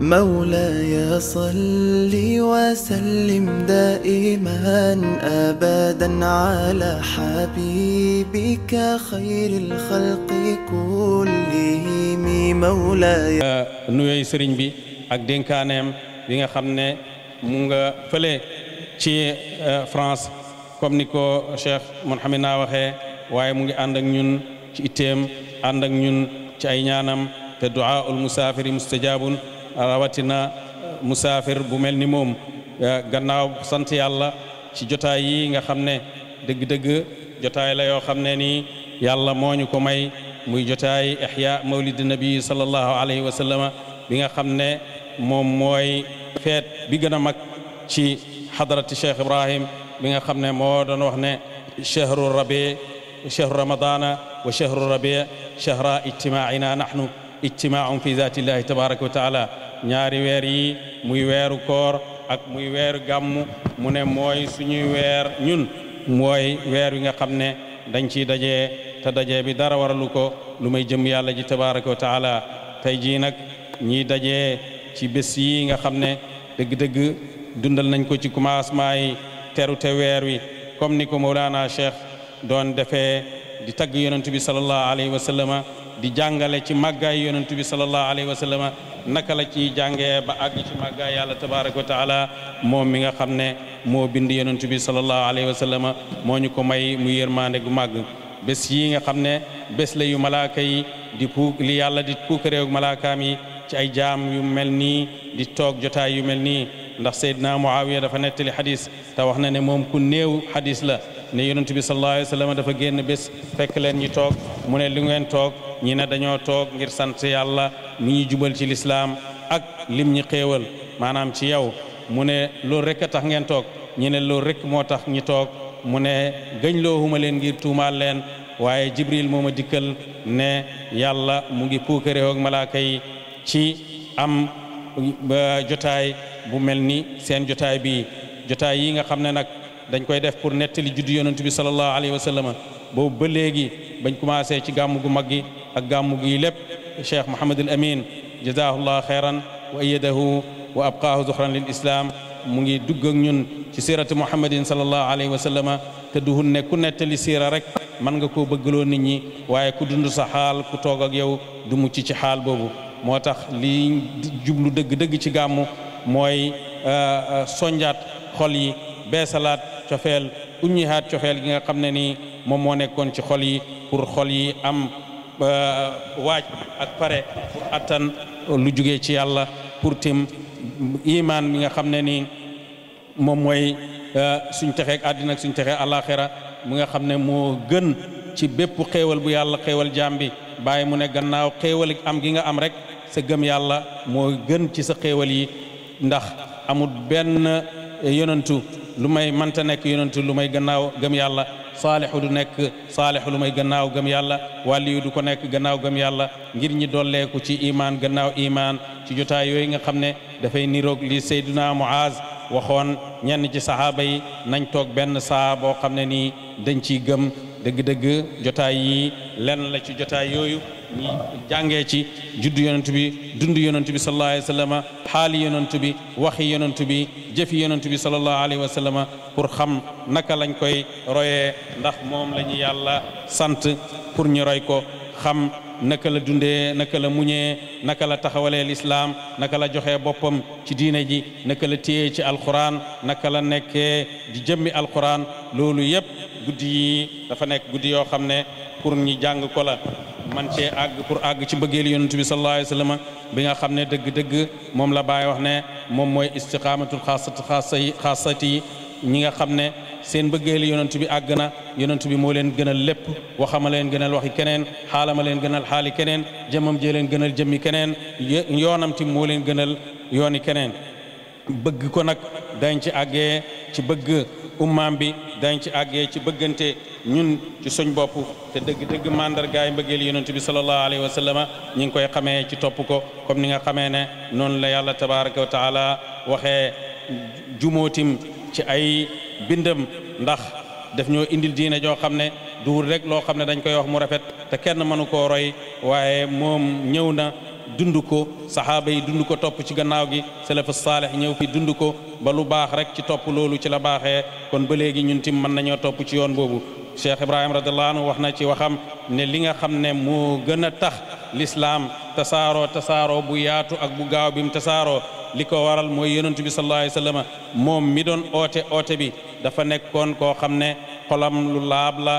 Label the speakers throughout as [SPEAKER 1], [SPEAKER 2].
[SPEAKER 1] مولاي صل وسلم دائما ابدا على حبيبك خير الخلق كلهم مولاي آه، نوي سيرن بي اك دينكانم بيغا خامني موغا فلي تي آه، فرانس كوم نيكو شيخ محمد نا واي موغي اندك نون تي ايتيم اندك نون تي اي نيانم تدعاء المسافر مستجابون rawatina musafir bu melni mom gannaaw sant yàlla ci jotaay yi nga xamne deug deug jotaay la yo xamne ni yàlla moñu ko may muy jotaay ihya mawlid nabi sallallahu alayhi wa sallam bi nga xamne mom moy fet bi gëna mag ci hadrat cheikh ibrahim bi nga xamne mo doon wax ne chahru rabi chahru ramadana wa chahru rabi shahra ijtimaina nahnu ijtimaahum fi zati illahi tabaraka wa taala ñaari weer yi muy weeru koor ak muy weeru gàmm mu ne mooy suñuy weer ñun mooy weer wi nga xam ne dañ ciy dajee te dajee bi dara waralu ko lu may jëm yàlla ji tabaraka wa taala tey jii nag ñiy dajee ci bés yi nga xam ne dëgg-dëgg dundal nañ ko ci commencement yi terute weer wi comme ni ko Mawlana Cheikh doon defee di tagg yonent bi sallallahu alayhi wa sallama di jàngale ci màggaay yonent bi sallallahu alayhi wa naka la ciy jàngee ba àgg ci màggaay yàlla tabaraka wa taala moom mi nga xam ne moo bind yonent bi sallallahu alayhi wa sallam moo ñu ko may mu yërmaande gu màgg bés yi nga xam ne bés la yu malaaka yi di puuk li yàlla di puukaréew malaakaam ci ay jaam yu mel nii di toog jotaay yu mel ni ndax Seydina Muawiya fa nettali xadis te wax na ne moom ku néew xadis la ne yonent bi sallallahu alayhi wa sallam dafa génn bés fekk leen ñi toog mu ne li ngeen toog ñi ne dañoo toog ngir sant yàlla mi ñu jubal ci lislaam ak lim ñi xéewal maanaam ci yow mu ne loolu rek a tax ngeen toog ñi ne loolu rek moo tax ñi toog mu ne gëñ leen ngir tuumaal leen waaye jibril moo ma dikkal ne yàlla mu ngi puukaréew ak malaaka yi ci am jotaay bu mel ni seen jotaay bi jotaay yi nga xam ne nag dañ koy def pour nettali juddu yonent bi sallallahu alayhi wa sallam boobu ba léegi bañ commencé ci gàmm gu mag gi ak gàmm gi lépp cheikh Mouhamadul Amin jazahullah xeyran wa ayadahu wa abqaahu zuxran lil islam mu ngi dugg ak ñun ci siiratu muhammadin sallallahu alayhi wa sallam te duhun ne ku nettali siira rek mën nga koo bëggaloo nit ñi waaye ku dund sa xaal ku toog ak yow du mucc ci xaal boobu moo tax li jublu dëgg-dëgg ci gàmm mooy euh, euh, sonjaat xol yi salaat cofeel uññihaat cofeel gi nga xam ne nii moom moo nekkoon ci xol yi pour xol yi am euh, waaj ak pare pour attan lu jugee ci yàlla pour tim imaan mi nga xam ne nii moom mooy euh, suñ texeek àddina ak suñ texee àllaaxira mi nga xam ne moo gën ci bépp xéewal bu yàlla xéewal jaam bi bàyyi mu ne gannaaw xéewal am gi nga am rek sa gëm yàlla moo gën ci sa xéewal yi ndax amul benn yonantu lu may mënta nekk yonent lu may gannaaw gëm yàlla saalixu du nekk saalixu lu may gannaaw gëm yàlla wàlliyu du ko nekk gannaaw gëm yàlla ngir ñi dolleeku ci imaan gannaaw imaan ci jotaay yooyu nga xam ne dafay niroog li Seydina Muaz waxoon ñenn ci saxaaba nañ toog benn saa boo xam ne nii dañ ci gëm dëgg-dëgg jotaay yi lenn la ci jotaay yooyu jàngee ci juddu yonent bi dund yonent bi sallallahu alayhi wa sallam xaali yonent bi waxi yonent bi jëfi yonent bi sallallahu alayhi wa sallam pour xam naka lañ koy royee ndax moom la yàlla sant pour ñu roy ko xam naka la dundee naka la muñee naka la taxawalee lislaam naka la joxe boppam ci diine ji naka la téyee ci alquran naka la nekkee di jëmmi alquran loolu yépp guddi yi dafa nekk guddi yoo xam ne pour ñi jàng ko la man cee àgg pour àgg ci mbëggeeli yonent bi sallallahu alayhi wa sallam bi nga xam ne dëgg-dëgg moom la Baay wax ne moom mooy istiqaamatul xaasati xaasati xaasati yi ñi nga xam ne seen mbëggeeli yonent bi agg na yonent bi moo leen gënal lépp waxama leen gënal waxi keneen xaalama leen gënal xaali keneen jëmam jee leen gënal jëmmi keneen yoonamti moo leen gënal yooni keneen bëgg ko nag dañ ci àggee ci bëgg ummaam bi dañ ci àggee ci bëggante ñun ci suñ bopp te dëgg dëgg mandargaay mbëggeel yonent bi sallallahu alayhi wa sallama ñi ngi koy xamee ci topp ko comme ni nga xamee ne noonu la yàlla tabaraka wa taala waxee jumootim ci ay bindam ndax daf ñoo indil diine joo xam ne duur rek loo xam ne dañ koy wax mu rafet te kenn mënu koo roy waaye moom ñëw na dund ko saxaaba yi dund ko topp ci gannaaw gi salafu saalih ñëw fi dund ko ba lu baax rek ci topp loolu ci la baaxee kon ba léegi ñun tim mën nañoo topp ci yoon boobu cheikh ibrahima radiallahu anhu wax na ci waxam ne li nga xam ne moo gën a tax lislaam tasaaroo tasaaroo bu yaatu ak bu gaaw bi mu tasaaroo li ko waral mooy yonentu bi sallallahu alayhi wa sallam moom mi doon oote oote bi dafa nekkoon koo xam ne xolam lu laab la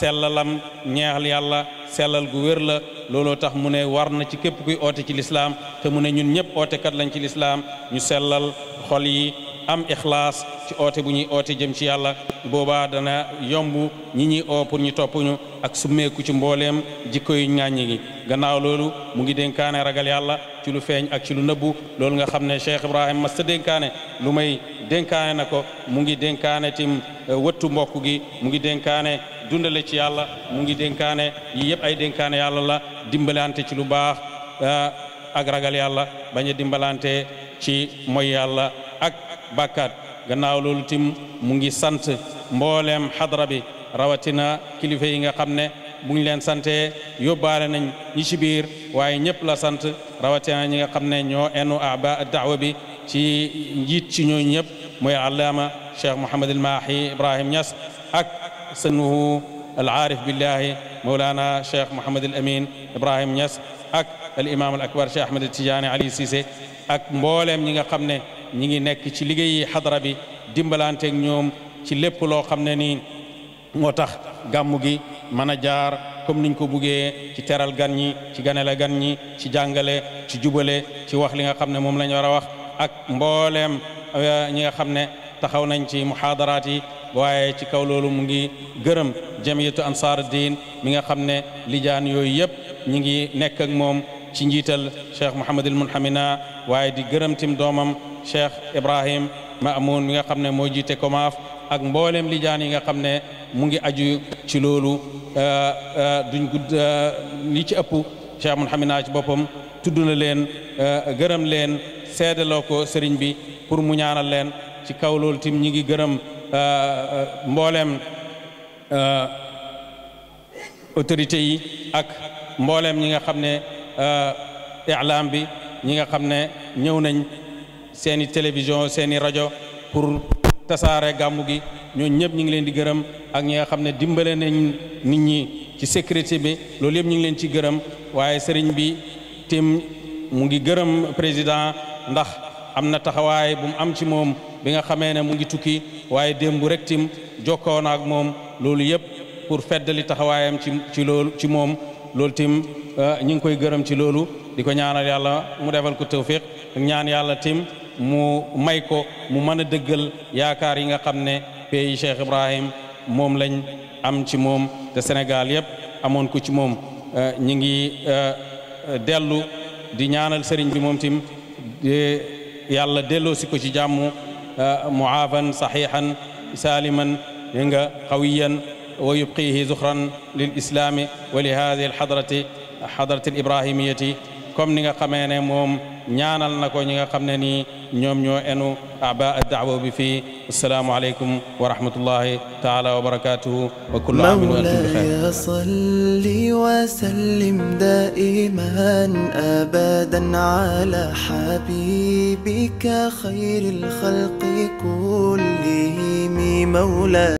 [SPEAKER 1] sellalam ñeexal yàlla sellal gu wér la looloo tax mu ne war na ci képp kuy oote ci lislaam te mu ne ñun ñëpp ootekat lañ ci lislaam ñu sellal xol yi am ixlaas ci oote bu ñuy oote jëm ci yàlla boobaa dana yomb ñi ñuy oo pour ñu topp ñu ak summeeku ci mbooleem jikko yu ñàññi gi gannaaw loolu mu ngi dénkaane ragal yàlla ci lu feeñ ak ci lu nëbbu loolu nga xam ne Cheikh Ibrahima mas ta dénkaane lu may dénkaane na ko mu ngi dénkaane tim euh, wëttu mbokk gi mu ngi dénkaane dundale ci yàlla mu ngi dénkaane yi yëpp ay dénkaane yàlla la dimbalante ci lu baax euh, ak ragal yàlla bañ a dimbalante ci moy yàlla bàkkaat gannaaw loolu tim mu ngi sant mbooleem xadra bi rawatina kilifa yi nga xam ne bu ñu leen santee yóbbaale nañ ñi ci biir waaye ñëpp la sant rawatina ñi nga xam ne ñoo enu aba daawa bi ci njiit ci ñooñu ñëpp mooy allaama cheikh Mouhamed El Mahi Ibrahim Niass ak sënuhu al aarif billahi mawlaana cheikh Mouhamed El Amin Ibrahim Niass ak al imam al akbar cheikh Ahmed Tidiane Ali Cissé ak mbooleem ñi nga ñi ngi nekk ci liggéeyi xadara bi dimbalanteeg ñoom ci lépp loo xam ne nii moo tax gàmmu gi mën a jaar comme niñ ko buggee ci teral gan ñi ci ganale gan ñi ci jàngale ci jubale ci wax li nga xam ne moom lañ war a wax ak mbooleem euh, ñi nga xam ne taxaw nañ ci muhaadaraat yi waaye ci kaw loolu mu ngi gërëm jamiyatu ansaar diin mi nga xam ne lijaan yooyu yëpp ñi ngi nekk ak moom ci njiital cheikh Mouhamadul Munhamina waaye di gërëm tim doomam Cheikh Ibrahim Mamoun mi nga xam ne moo jiite komaaf ak mboolem lijaan yi nga xam ne mu ngi aju ci loolu euh, euh, duñ gudd euh, li ci ëppu Cheikh Mouhamed naa ci boppam tudd na leen gërëm leen seedaloo ko sëriñ bi pour mu ñaanal leen ci kaw loolu tim ñi ngi gërëm mboolem autorité yi ak mboolem ñi nga xam ne ilaam bi ñi nga xam ne ñëw nañ seeni télévision seeni rajo pour tasaare gàmmu gi ñoo ñëpp ñu ngi leen di gërëm ak ñi nga xam ne dimbale nañ nit ñi ci sécurité bi loolu yëpp ñu ngi leen ci gërëm waaye sëriñ bi tim mu ngi gërëm président ndax am na taxawaay bu am ci moom bi nga xamee ne mu ngi tukki waaye démb rek tim jokkoo na ak moom loolu yëpp pour feddali taxawaayam ci ci loolu ci moom loolu tim euh, ñu ngi koy gërëm ci loolu di ko ñaanal yàlla mu defal ko tawfiq ñaan yàlla tim mu may ko mu mën a dëggal yaakaar yi nga xam ne pays Cheikh Ibrahim moom lañ am ci moom te Sénégal yëpp amoon ko ci moom euh, ñi ngi euh, dellu di ñaanal sëriñ bi moom tim yàlla delloo si ko ci jàmm muaafan saxiixan saaliman nga xawiyan ويبقيه زخرا للاسلام ولهذه الحضره حضره الابراهيميه كم نيغا خامن موم نيانال نكو نيغا خامن ني نيوم نيو انو اعباء الدعوه بفي السلام عليكم ورحمه الله تعالى وبركاته وكل عام وانتم بخير صلي وسلم دائما ابدا على حبيبك خير الخلق كلهم مولاي